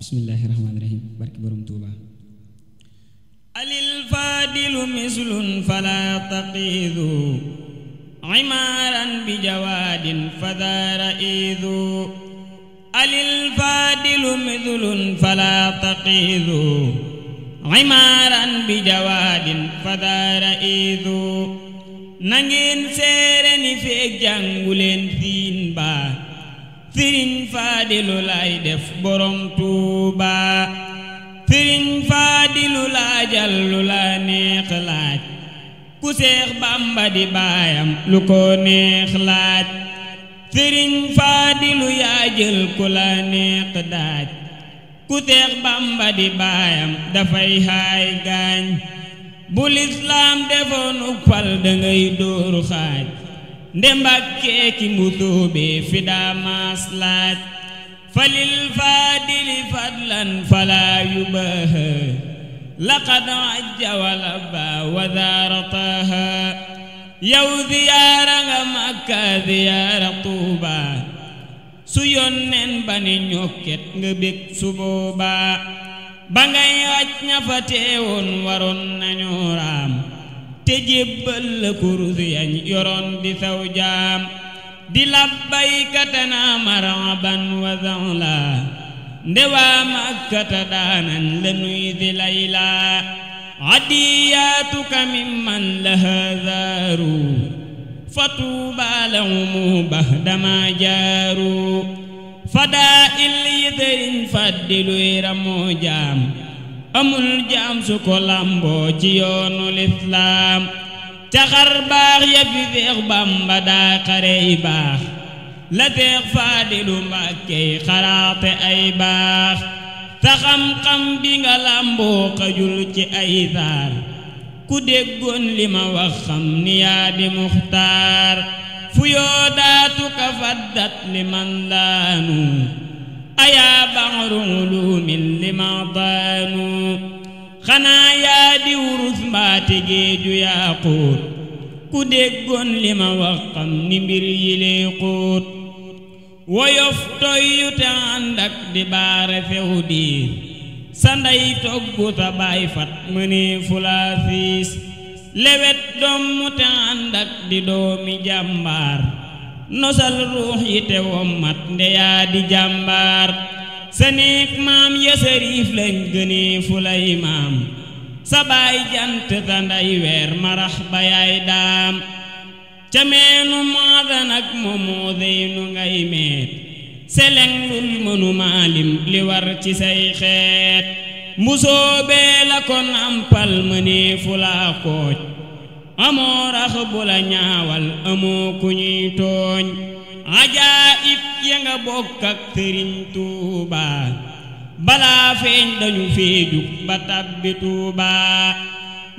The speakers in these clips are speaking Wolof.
bismillaahi rahmaani rahiim barki borom tuuba alil faadilu mislun falaa taqiidu imaaran bi jawaadin fadaara iidu alil faadilu mislun falaa taqiidu imaaran bi jawaadin fadaara iidu nangeen seere ni feeg jànguleen siin baa sëriñ Faadilu laay def borom Tuuba sëriñ Faadilu laajal lu la neex laaj ku Seex Bàmba di baayam lu ko neex laaj sëriñ Faadilu yaa jël ku la neex daaj ku Seex Bàmba di baayam dafay haay gaañ bu lislaam defoon uk dangay dóoru xaaj ndembàkkee ki mutuubi fi daa falil faadili fadlan falaa yubaha laqad ajja wala ba wadaarataha yow ziyaara nga makka ziyaara tuuba su yónneen ba ni ñokket nga su boobaa ba ngay wàcc ña fa teewoon te jébbal la kurus yañ yoroon di saw jaam di labbayka tana maraban wa zanla ndewaa makkata daanan la nuy di layla adiyaatuka mimman laha zaaru fatuubaa lahumu bahdama jaaru fadaa il yi sëriñ fàddiluy ramoo jaam amul jaam ko làmboo ci yoonu lislaam caxar baax ya fi feex bamba daa xare baax la feex faadilu mbàkkey xaraate ay baax sa xam-xam bi nga làmboo xajul ci ay saar ku déggoon li ma wax xam muxtaar fu yoo ka faddat li man laanu yaa baxru ulumin lima daanu xanaa yaa di wurus mbaate géeju yaa ku déggoon li xam ni mbir yi lay xóot woyof toyyu te ànd di baare few diir sa ndey toggu ta baay fat mënee fulaafiis lewet doom te ànd di doomi jàmbaar nosal ruux yi te wommat ndeyaa di jàmbaar sa maam ya sa riif lañ gënee fu lay maam jant ta nday weer marax ba yaay daam ca meenu mooda moomoo dey nu ngay meet seleng lul mënu maalim li war ci say xeet mbusoo bee la ko nampal mënee fu laa kooj amoo rax bu la ñaawal amoo ku ñuy tooñ ajaayib ya nga bokk ak sëriñ tuuba balaa feeñ dañu fee jug ba tàbbi tuuba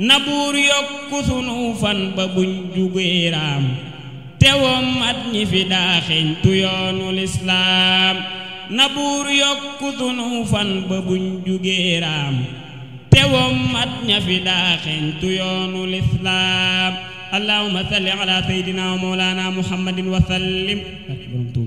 na buur yokku sunu fan ba buñ jugee raam tewoom at ñi fi daaxeñ tu lislaam na buur yokku sunu ba buñ jugee te wommat ña fi daa xeeñtu yoonu lislaam allahumma salli ala sayyidina wa mawlana muhammadin wa sallim